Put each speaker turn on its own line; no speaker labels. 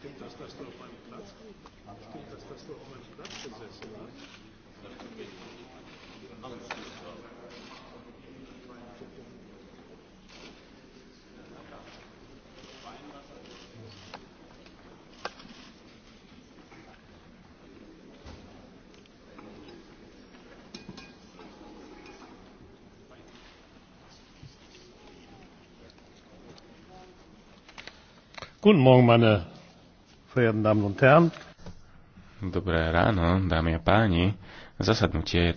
Stimmt das, dass du auf meinem Platz, stimmt das, dass du auf meinem Platz gesessen
hast?
Dobré
ráno, dámy a páni. Zasadnutie je tým